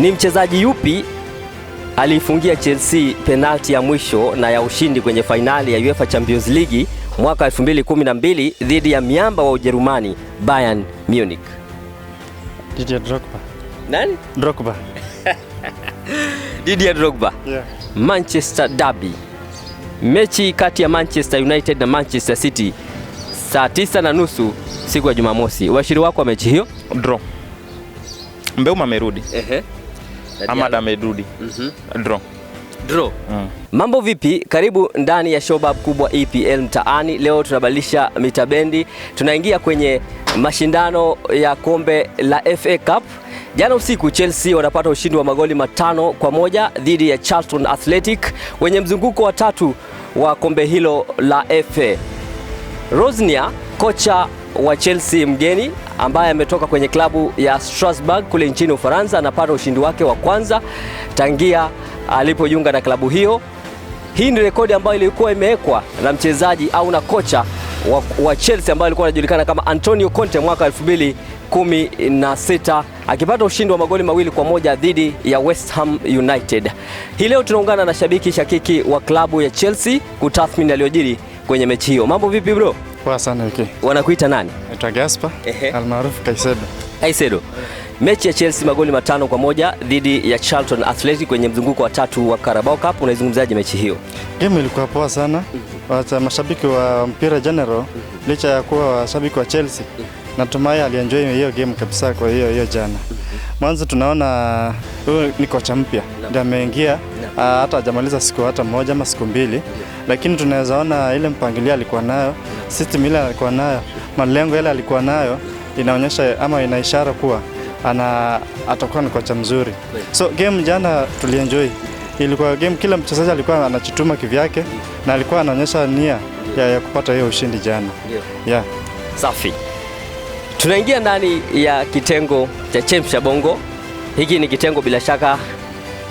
Ni mchezaji yupi aliifungia Chelsea penalti ya mwisho na ya ushindi kwenye fainali ya UEFA Champions League mwaka 2012 dhidi ya miamba wa Ujerumani Bayern Munich? Didier Drogba. Nani? Drogba. Didier Drogba. Yeah. Manchester Derby. Mechi kati ya Manchester United na Manchester City saa tisa na nusu siku ya Jumamosi. Washiri wako wa mechi hiyo? Draw. Mbeuma amerudi. Ehe ama amerudi mm draw Draw. Mm. Mambo vipi? Karibu ndani ya showbab kubwa EPL mtaani. Leo tunabadilisha mitabendi, tunaingia kwenye mashindano ya kombe la FA Cup. Jana usiku Chelsea wanapata ushindi wa magoli matano kwa moja dhidi ya Charlton Athletic wenye mzunguko wa tatu wa kombe hilo la FA. Rosnia, kocha wa Chelsea mgeni ambaye ametoka kwenye klabu ya Strasbourg kule nchini Ufaransa, anapata ushindi wake wa kwanza tangia alipojiunga na klabu hiyo. Hii ni rekodi ambayo ilikuwa imewekwa na mchezaji au na kocha wa, wa Chelsea ambaye alikuwa anajulikana kama Antonio Conte mwaka 2016 akipata ushindi wa magoli mawili kwa moja dhidi ya West Ham United. Hii leo tunaungana na shabiki shakiki wa klabu ya Chelsea kutathmini aliyojiri kwenye mechi hiyo. Mambo vipi bro? Poa sana wiki. Wanakuita nani? Naitwa Gaspar, almaarufu Kaisedo. Kaisedo. Mechi ya Chelsea magoli matano kwa moja dhidi ya Charlton Athletic kwenye mzunguko wa tatu wa Carabao Cup. Unaizungumzaje mechi hiyo? Game ilikuwa poa sana. Mhm. Wata mashabiki wa mpira general, mhm. licha ya kuwa washabiki wa Chelsea, mhm. natumai alienjoy hiyo game kabisa. Kwa hiyo hiyo jana mwanzo tunaona huyu ni kocha mpya ndio ameingia, ah, hata hajamaliza siku hata moja ama siku mbili lakini tunaweza ona ile mpangilio alikuwa nayo, system ile alikuwa nayo, malengo yale alikuwa nayo, inaonyesha ama ina ishara kuwa ana atakuwa ni kocha mzuri. So game jana tulienjoy, ilikuwa game, kila mchezaji alikuwa anachituma kivyake na alikuwa anaonyesha nia ya, ya kupata hiyo ushindi jana. Yeah. Safi. Tunaingia ndani ya kitengo cha Champions cha Bongo. Hiki ni kitengo bila shaka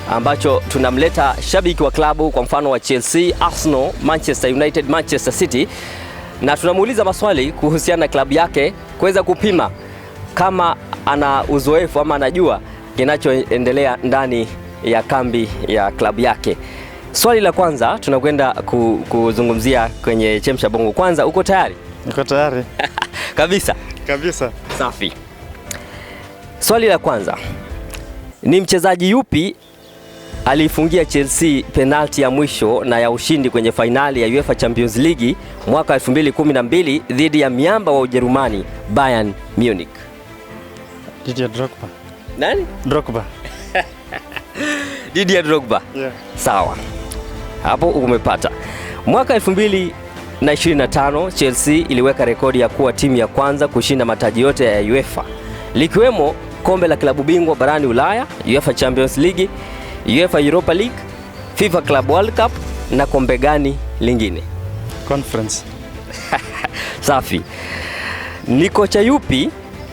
ambacho tunamleta shabiki wa klabu kwa mfano wa Chelsea, Arsenal, Manchester United, Manchester City na tunamuuliza maswali kuhusiana na klabu yake kuweza kupima kama ana uzoefu ama anajua kinachoendelea ndani ya kambi ya klabu yake. Swali la kwanza tunakwenda ku, kuzungumzia kwenye Chemsha Bongo. Kwanza, uko tayari? Niko tayari kabisa kabisa. Safi. Swali la kwanza, ni mchezaji yupi aliifungia Chelsea penalti ya mwisho na ya ushindi kwenye fainali ya UEFA Champions League mwaka 2012 dhidi ya miamba wa Ujerumani Bayern Munich. Didier Drogba. Nani? Drogba. Didier Drogba. Yeah. Sawa. Hapo umepata. Mwaka 2025 Chelsea iliweka rekodi ya kuwa timu ya kwanza kushinda mataji yote ya UEFA likiwemo kombe la klabu bingwa barani Ulaya, UEFA Champions League UEFA Europa League, FIFA Club World Cup na kombe gani lingine? Conference. Safi. Ni kocha yupi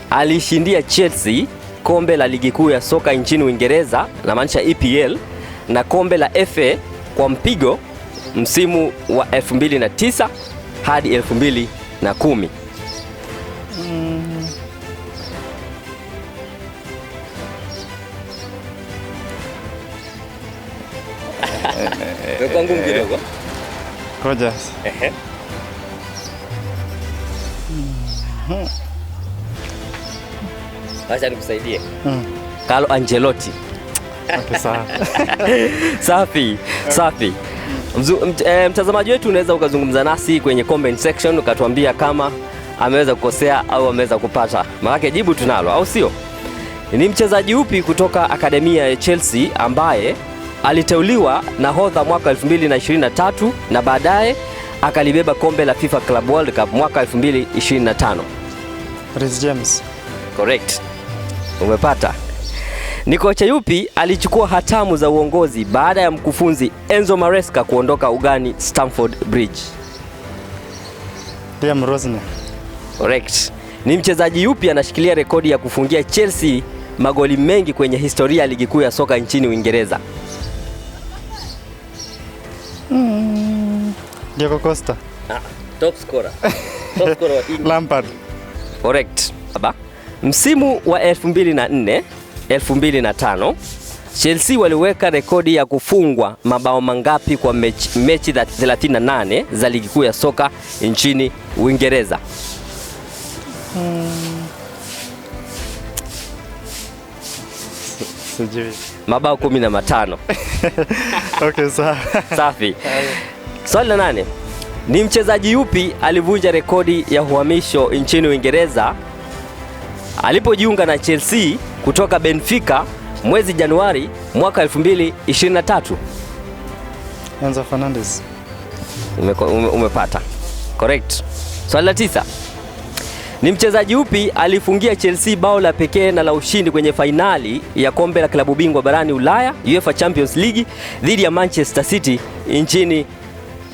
alishindia Chelsea kombe la ligi kuu ya soka nchini Uingereza na maanisha EPL na kombe la FA kwa mpigo msimu wa 2009 hadi 2010? Eka ngumu kidogo. Koja. Ehe. Acha nikusaidie. Carlo Ancelotti. Safi, safi. Mtazamaji wetu unaweza ukazungumza nasi kwenye comment section ukatuambia kama ameweza kukosea au ameweza kupata, maanake jibu tunalo, au sio? Ni mchezaji upi kutoka akademia ya Chelsea ambaye Aliteuliwa nahodha mwaka 2023 na baadaye akalibeba kombe la FIFA Club World Cup mwaka 2025. Reece James. Correct. Umepata. Ni kocha yupi alichukua hatamu za uongozi baada ya mkufunzi Enzo Maresca kuondoka ugani Stamford Bridge? Liam Rosner. Correct. Ni mchezaji yupi anashikilia rekodi ya kufungia Chelsea magoli mengi kwenye historia ya ligi kuu ya soka nchini Uingereza? Diego Costa. Ah, top scorer. Top scorer wa Lampard. Correct. Baba. Msimu wa 2004 2005 Chelsea waliweka rekodi ya kufungwa mabao mangapi kwa mechi, mechi 38 za ligi kuu ya soka nchini Uingereza? Hmm. Sijui. Mabao 15. Okay, sawa. Safi. Swali la nane, ni mchezaji yupi alivunja rekodi ya uhamisho nchini Uingereza alipojiunga na Chelsea kutoka Benfica mwezi Januari mwaka 2023? Enzo Fernandez. Ume, ume, umepata correct. Swali la tisa, ni mchezaji upi alifungia Chelsea bao la pekee na la ushindi kwenye fainali ya kombe la klabu bingwa barani Ulaya UEFA Champions League dhidi ya Manchester City nchini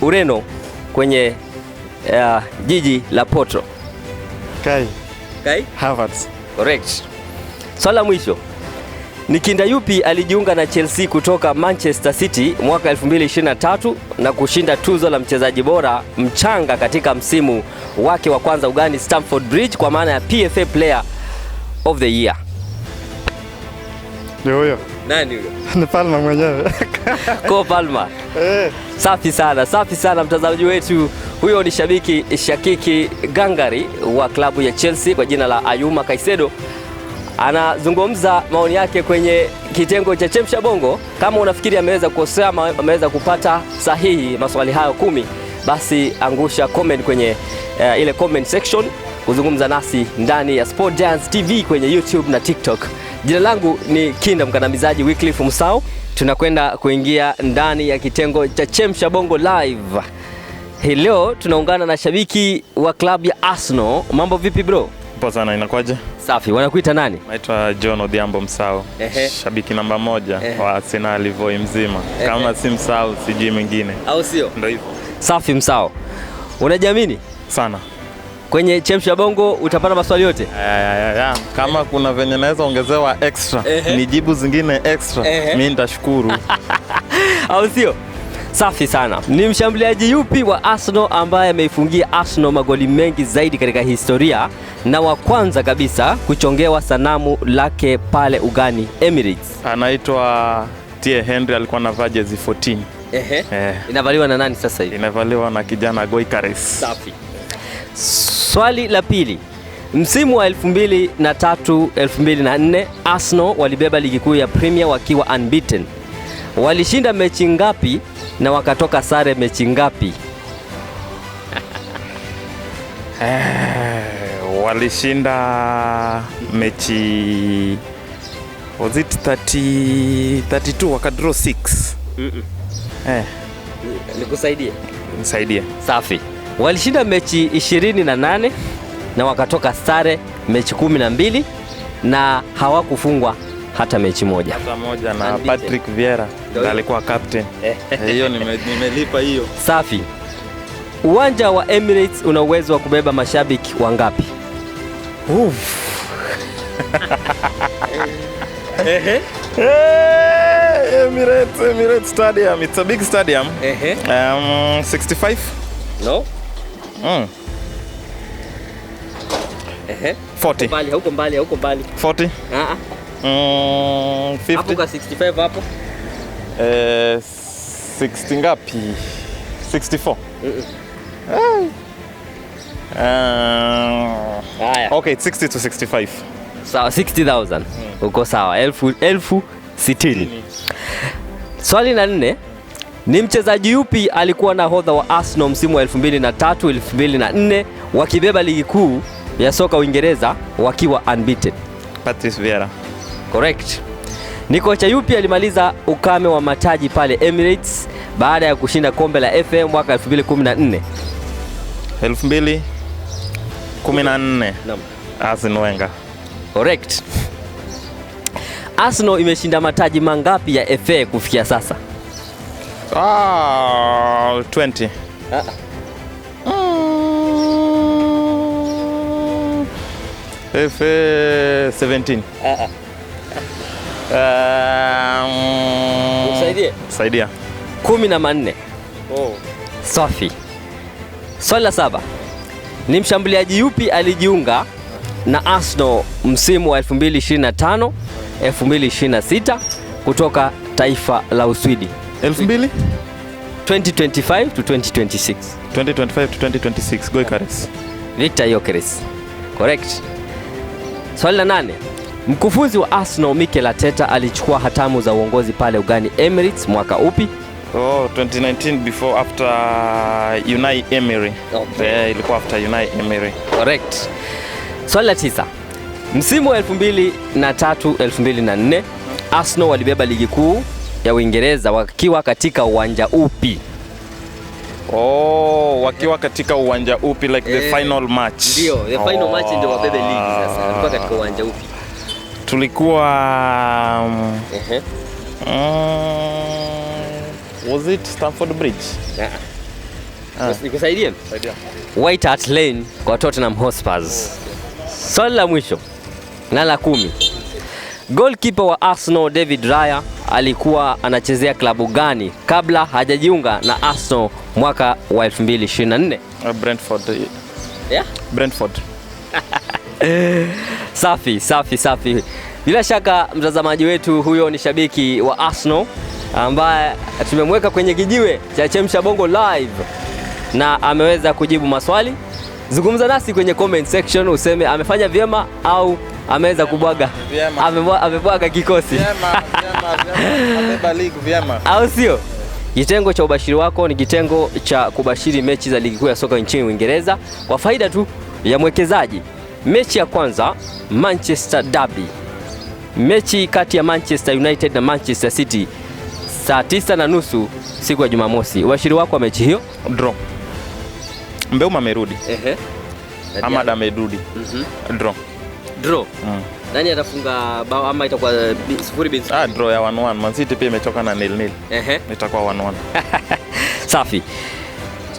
Ureno kwenye uh, jiji la Porto. Kai. Kai? Havertz. Correct. Swala la mwisho ni kinda yupi alijiunga na Chelsea kutoka Manchester City mwaka 2023 na kushinda tuzo la mchezaji bora mchanga katika msimu wake wa kwanza ugani Stamford Bridge kwa maana ya PFA Player of the Year. Ndio huyo. Nani huyo? Ni Palma mwenyewe. Ko Palma. Eh. Safi sana, safi sana mtazamaji wetu. Huyo ni shabiki Shakiki Gangari wa klabu ya Chelsea kwa jina la Ayuma Kaisedo. Anazungumza maoni yake kwenye kitengo cha Chemsha Bongo. Kama unafikiri ameweza kukosea ama ameweza kupata sahihi maswali hayo kumi, basi angusha comment kwenye uh, ile comment section kuzungumza nasi ndani ya Sport Giants TV kwenye YouTube na TikTok. Jina langu ni Kinda Mkandamizaji Wycliffe Msau. Tunakwenda kuingia ndani ya kitengo cha Chemsha Bongo Live. Hii leo tunaungana na shabiki wa klabu ya Arsenal. Mambo vipi bro? Poa sana, inakwaje? Safi. Wanakuita nani? Naitwa John Odhiambo Msao. Ehe. Shabiki namba moja Ehe. wa Arsenal Voi mzima. Ehe. Kama si Msao sijui mwingine. Au sio? Ndio hivyo. Safi Msao. Unajiamini? Sana. Kwenye Chemsha Bongo utapata maswali yote eh, eh, eh, kama kuna venye naweza ongezewa extra jibu zingine extra, mimi nitashukuru au sio? Safi sana. Ni mshambuliaji yupi wa Arsenal ambaye ameifungia Arsenal magoli mengi zaidi katika historia na wa kwanza kabisa kuchongewa sanamu lake pale ugani Emirates? Anaitwa Thierry Henry, alikuwa anavaa jezi 14. Ehe. Eh. Inavaliwa na nani sasa hivi? Inavaliwa na kijana Goikaris. Safi. Swali la pili. Msimu wa 2003 2004 Arsenal walibeba ligi kuu ya Premier wakiwa unbeaten. Walishinda mechi ngapi na wakatoka sare mechi ngapi? Eh, walishinda mechi was it 30 32 wakadraw 6. Mm -mm. Eh. Nikusaidie. Nisaidie. Safi. Walishinda mechi 28 na wakatoka sare mechi 12 na na hawakufungwa hata mechi moja. Hata moja na Andite. Patrick Vieira alikuwa captain. Hiyo nimelipa hiyo. Safi. Uwanja wa Emirates una uwezo wa kubeba mashabiki wangapi? Ehe. Emirates, Emirates Stadium. It's a big stadium. Um, 65? No. Mm. Ehe. 40. Mbali, huko mbali, huko mbali. 40. Ah, ah. Mm, 50. Hapo kwa 65 hapo. Eh, 60 ngapi? 64. Eh, mm. Eh. Haya. Okay, 60 to 65. Sawa, 60,000. Uko sawa. Elfu elfu sitini. Swali la nne ni mchezaji yupi alikuwa nahodha wa Arsenal msimu wa 2003 2004 wakibeba ligi kuu ya soka Uingereza wakiwa unbeaten? Patrice Vieira. Correct. Ni kocha yupi alimaliza ukame wa mataji pale Emirates baada ya kushinda kombe la FA mwaka 2014? 2014. Naam. Arsene Wenger. Correct. Arsenal imeshinda mataji mangapi ya FA kufikia sasa? Ah, ah. Eh, um, Saidia. Kumi na manne. Oh. Safi. Swali la saba. Ni mshambuliaji yupi alijiunga na Arsenal msimu wa 2025 2026 kutoka taifa la Uswidi? 2025 to 2026. 2025 2026. Goikares. Victor Yokeres. Correct. Swali la nane. Mkufunzi wa Arsenal Mikel ateta alichukua hatamu za uongozi pale ugani Emirates mwaka upi? Oh, 2019 before after Unai Emery. Okay. Yeah, ilikuwa after Unai Emery. Correct. Swali la tisa. Msimu wa 2003 2004 Arsenal walibeba ligi kuu ya Uingereza wakiwa katika uwanja upi? Oh, wakiwa katika uwanja upi like the eh, final match. Ndio, the final oh, match ndio wabebe league sasa. Walikuwa ah. katika uwanja upi? Tulikuwa um, uh -huh. um, mm, was it Stamford Bridge? Yeah. Ah. Nikusaidie? Saidia. White Hart Lane kwa Tottenham Hotspurs. Swali la mwisho na la kumi. Goalkeeper wa Arsenal David Raya alikuwa anachezea klabu gani kabla hajajiunga na Arsenal mwaka wa 2024? Brentford. Yeah? Brentford. Safi, safi, safi. Bila shaka mtazamaji wetu huyo ni shabiki wa Arsenal ambaye tumemweka kwenye kijiwe cha Chemsha Bongo Live na ameweza kujibu maswali Zungumza nasi kwenye comment section useme amefanya vyema au ameweza kubwaga, amebwaga kikosi au sio? Kitengo cha ubashiri wako ni kitengo cha kubashiri mechi za ligi kuu ya soka nchini Uingereza kwa faida tu ya mwekezaji. Mechi ya kwanza Manchester Derby, mechi kati ya Manchester United na Manchester City saa tisa na nusu siku ya Jumamosi. Ubashiri wako wa mechi hiyo draw. Mbeuma amerudi. Ehe. Ahmad amerudi. Mhm. Draw. Draw. Mm. Nani atafunga bao ama itakuwa sifuri bin sifuri? Ah, draw ya 1-1. Man City pia imetoka na nil nil. Ehe. Itakuwa 1-1. Safi.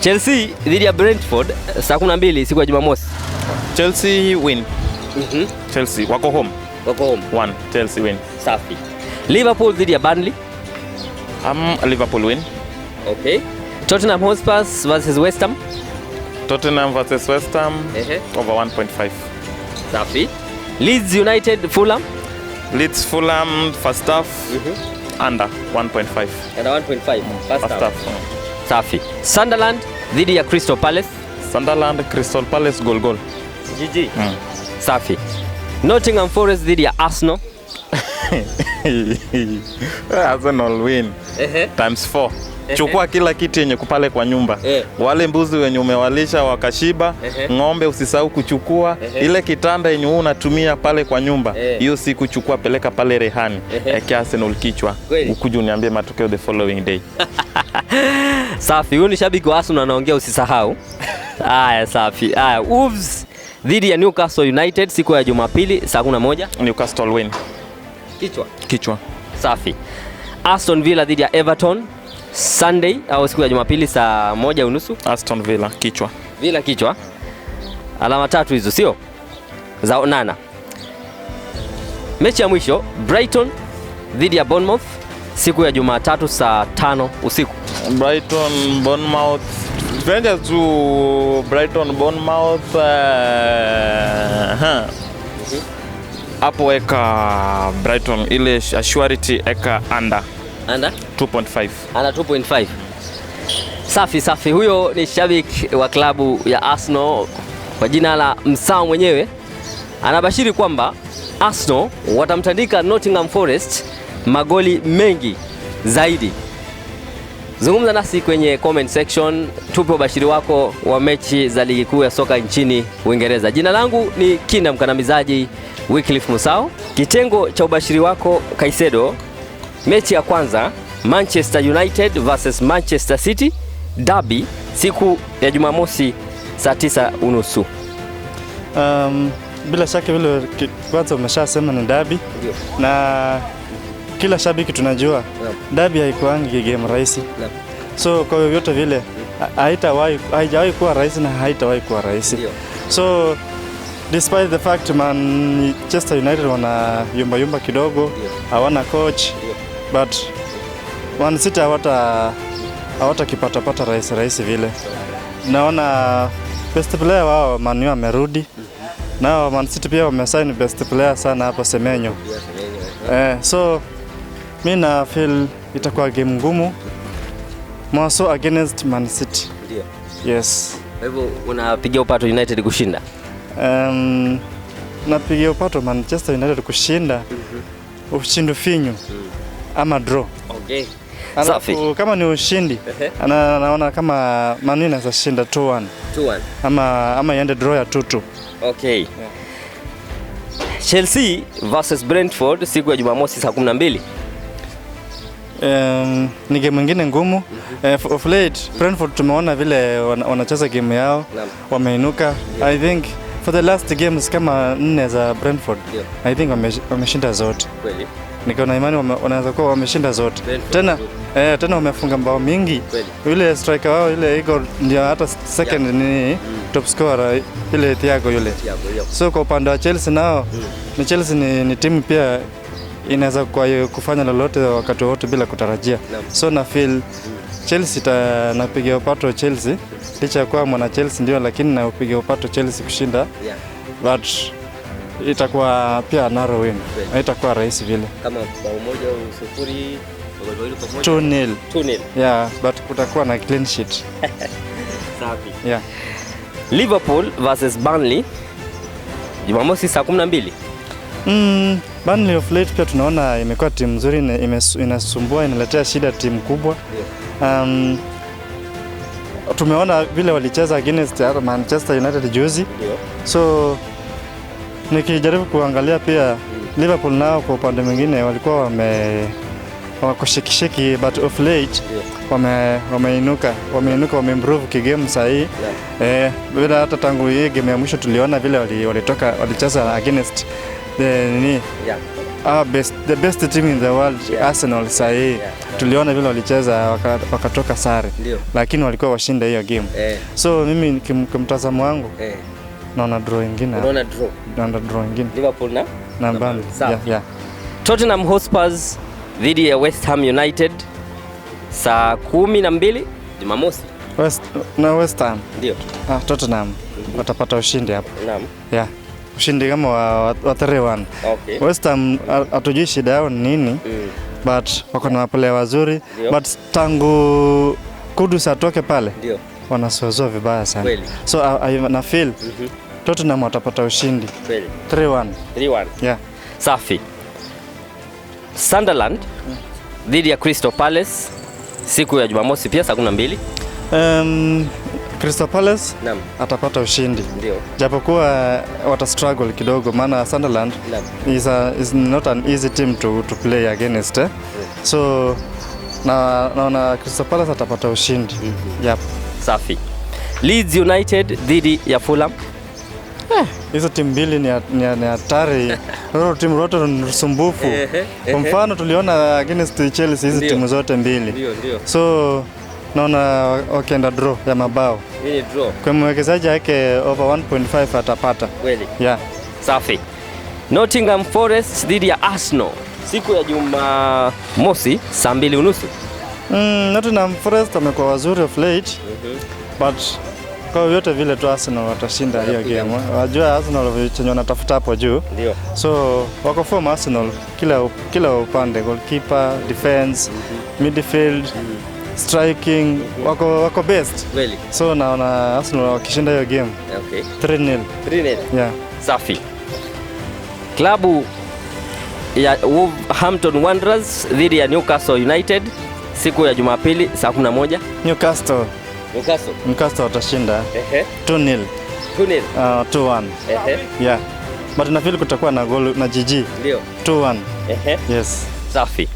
Chelsea dhidi ya Brentford saa 12 siku ya Jumamosi. Chelsea win. Mhm. Chelsea wako home. Wako home. One. Chelsea win. Safi. Liverpool dhidi ya Burnley. Um, Liverpool win. Okay. Tottenham Hotspur versus West Ham. Tottenham versus West Ham uh-huh. over 1.5. Safi. Leeds United Fulham. Leeds Fulham first half uh-huh. under 1.5. Under 1.5 mm, first first half. Safi. Sunderland dhidi ya Crystal Palace. Sunderland Crystal Palace goal goal. GG. Mm. Safi. Nottingham Forest dhidi ya Arsenal. Eh, Arsenal win times four. Chukua kila kitu yenye kupale kwa nyumba eh. Wale mbuzi wenye umewalisha wakashiba eh. Ng'ombe usisahau kuchukua eh. Ile kitanda yenye huu unatumia pale kwa nyumba eh. hiyo eh. Siku chukua peleka pale rehani eh. Eke Arsenal kichwa ukuja uniambie matokeo the following day safi. Huyu ni shabiki wa Arsenal anaongea, usisahau haya. Safi haya, Wolves dhidi ya Newcastle United siku ya Jumapili saa 11. Newcastle win. Kichwa. Kichwa. Safi. Aston Villa dhidi ya Everton Sunday au siku ya Jumapili saa moja unusu. Aston Villa kichwa. Villa kichwa. Alama tatu hizo sio? Za nana. Mechi ya mwisho Brighton dhidi ya Bournemouth siku ya Jumatatu saa tano usiku. Brighton Bournemouth tupende tu Brighton Bournemouth uh, huh hapo eka Brighton ile Ashwarity eka under under 2.5 under 2.5. Safi safi, huyo ni shabiki wa klabu ya Arsenal kwa jina la Msao mwenyewe anabashiri kwamba Arsenal watamtandika Nottingham Forest magoli mengi zaidi. Zungumza nasi kwenye comment section, tupe ubashiri wako wa mechi za ligi kuu ya soka nchini Uingereza. Jina langu ni Kinda Mkandamizaji Wycliffe Musau, kitengo cha ubashiri wako Kaisedo. Mechi ya kwanza Manchester United versus Manchester City derby, siku ya Jumamosi saa tisa unusu. Um, bila shaka vile kwanza umeshasema ni derby na kila shabiki tunajua dabi haikuangi game rahisi, so kwa vyovyote vile haitawahi haijawahi kuwa rahisi na haitawahi kuwa rahisi, so despite the fact Manchester United wana yumba yumba kidogo, hawana coach but Man City hawata hawata pata rahisi rahisi vile. Naona best player wao Manu amerudi mhm. nao, Man City pia wamesign best player sana hapo Semenyo, eh, eh so mi na feel itakuwa game ngumu mwaso against Man City. Ndio. Yes. Kwa hivyo unapigia upato United kushinda? Um, napigia upato Manchester United kushinda mm -hmm. Ushindu finyu mm. ama draw. Okay. Safi. Kama ni ushindi ana, naona kama Man inaweza shinda 2-1. 2-1. Ama ama iende draw ya 2-2. Okay. Yeah. Chelsea versus Brentford siku ya Jumamosi saa 12 um, ni game nyingine ngumu uh, of late Brentford tumeona vile wanacheza game yao wameinuka. I think for the last games kama nne za Brentford I think wameshinda zote, niko na imani wanaweza kuwa wameshinda zote tena Eh, tena wamefunga mbao mingi. Yule striker wao yule Igor ndio hata second ni mm. top scorer ile Thiago yule. So kwa upande wa Chelsea nao, mm. ni Chelsea ni timu pia inaweza kwa kufanya lolote wakati wote bila kutarajia. So na feel Chelsea ta, napiga upato Chelsea licha ya kuwa mwana Chelsea ndio, lakini naupiga upato Chelsea kushinda but itakuwa pia narrow win, itakuwa rahisi vile kama bao moja au sufuri two nil. Two nil. Yeah, but kutakuwa na clean sheet safi. Yeah. Liverpool versus Burnley Jumamosi saa 12. Mm. Burnley of late pia tunaona imekuwa timu nzuri, inasumbua, inaletea shida timu kubwa um, tumeona vile walicheza against Manchester United juzi, so nikijaribu kuangalia pia Liverpool nao kwa upande mwingine walikuwa wame wakushikishiki but of late wame wameinuka wameinuka wame wameimprove kigame saa hii yeah. Eh, bila hata tangu hii game ya mwisho tuliona vile walitoka walicheza against the nini yeah. Ah, best, the best team in the world yeah. Arsenal saa yeah. yeah. Tuliona vile walicheza wakatoka waka sare Lio. Lakini walikuwa washinda hiyo game eh. So mimi kimtazamo wangu eh. Naona draw ingine. Unaona draw. Naona draw ingine. Liverpool na na Burnley. Yeah, yeah. Tottenham Hotspurs dhidi ya West Ham United saa kumi na mbili Jumamosi. West, na West Ham. Ndio. Ah, Tottenham mm-hmm. watapata ushindi hapo. Naam. Yeah ushindi kama wa wa 3-1. Okay. West Ham hatujui shida yao ni nini mm. but wako na mapolea wazuri Dio. but tangu Kudus atoke pale wanasozoa vibaya sana Kweli. so I, I, na feel mm -hmm. Tottenham watapata ushindi 3-1. 3-1. Yeah. Safi. Sunderland mm. dhidi mm. ya Crystal Palace siku ya Jumamosi pia saa 12. Um, Crystal Palace Naam. atapata ushindi Ndio. japokuwa eh, wata struggle kidogo, maana Sunderland is, a, is not an easy team to, to play against eh? Yeah. so na naona Crystal Palace atapata ushindi mm -hmm. yep. Safi. Leeds United dhidi ya Fulham eh, hizo eh, timu mbili ni hatari, timu zote ni sumbufu. Kwa mfano tuliona against Chelsea hizi timu zote mbili, ndio, ndio. so naona wakienda draw ya mabao kwa mwekezaji yake over 1.5 atapata kweli. Yeah. Safi. Nottingham Forest dhidi ya Arsenal siku ya Jumamosi saa mbili unusu. Mm, Nottingham Forest wamekuwa wazuri of late. Mm -hmm. But kwa yote vile tu Arsenal watashinda hiyo game. Wajua Arsenal chenye wanatafuta hapo juu. Ndio. So wako form Arsenal kila, kila upande goalkeeper, defense, mm -hmm. midfield. Mm -hmm striking wako wako best Really? so naona Arsenal wakishinda hiyo game. Okay, 3-0 3-0, yeah, safi. Klabu ya Wolverhampton Wanderers dhidi ya Newcastle United siku ya Jumapili saa 11. Newcastle Newcastle Newcastle watashinda 2-0 2-0, Uh, 2-1, yeah, but na feel kutakuwa na goal na GG, ndio 2-1. Yes, safi.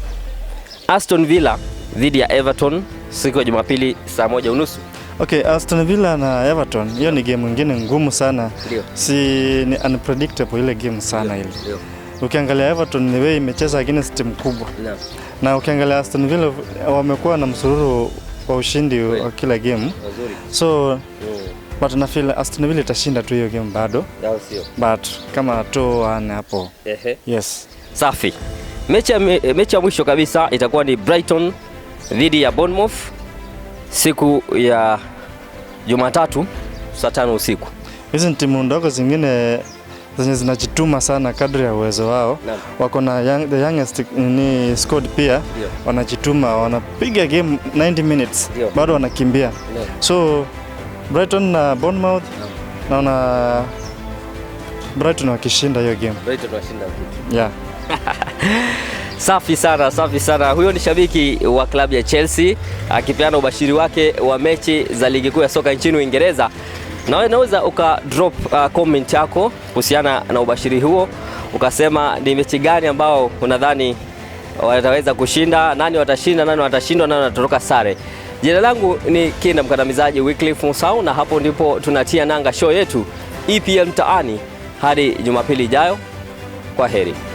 Aston Villa dhidi ya Everton siku ya Jumapili saa moja unusu. Okay, Aston Villa na Everton hiyo ni game nyingine ngumu sana. Ndio. Si ni unpredictable ile game sana ile. Ndio. Ukiangalia Everton ni wewe imecheza against timu kubwa. Na ukiangalia Aston Villa wamekuwa na msururu wa ushindi wa kila game. Wazuri. So mm. But na feel Aston Villa itashinda tu hiyo game bado. Ndio Sio. But kama 2-1 hapo. Ehe. Yes. Safi. Mechi ya, mechi ya mwisho kabisa itakuwa ni Brighton dhidi ya Bournemouth siku ya Jumatatu saa tano usiku. Hizi ni timu ndogo zingine zenye zinajituma sana kadri ya uwezo wao na, wako na young, the youngest ni squad pia yeah. Wanajituma, wanapiga game 90 minutes yeah. Bado wanakimbia yeah. So Brighton na Bournemouth yeah. Naona Brighton wakishinda hiyo game Brighton washinda yeah. Safi sana, safi sana. Huyo ni shabiki wa klabu ya Chelsea akipeana ubashiri wake wa mechi za ligi kuu ya soka nchini Uingereza. Na wewe unaweza uka drop uh, comment yako kuhusiana na ubashiri huo, ukasema ni mechi gani ambao unadhani wataweza kushinda, nani watashinda, nani watashindwa, nani watatoroka sare. Jina langu ni Kinda Mkandamizaji Wycliffe Musau, na hapo ndipo tunatia nanga show yetu EPL Mtaani hadi Jumapili ijayo. Kwa heri.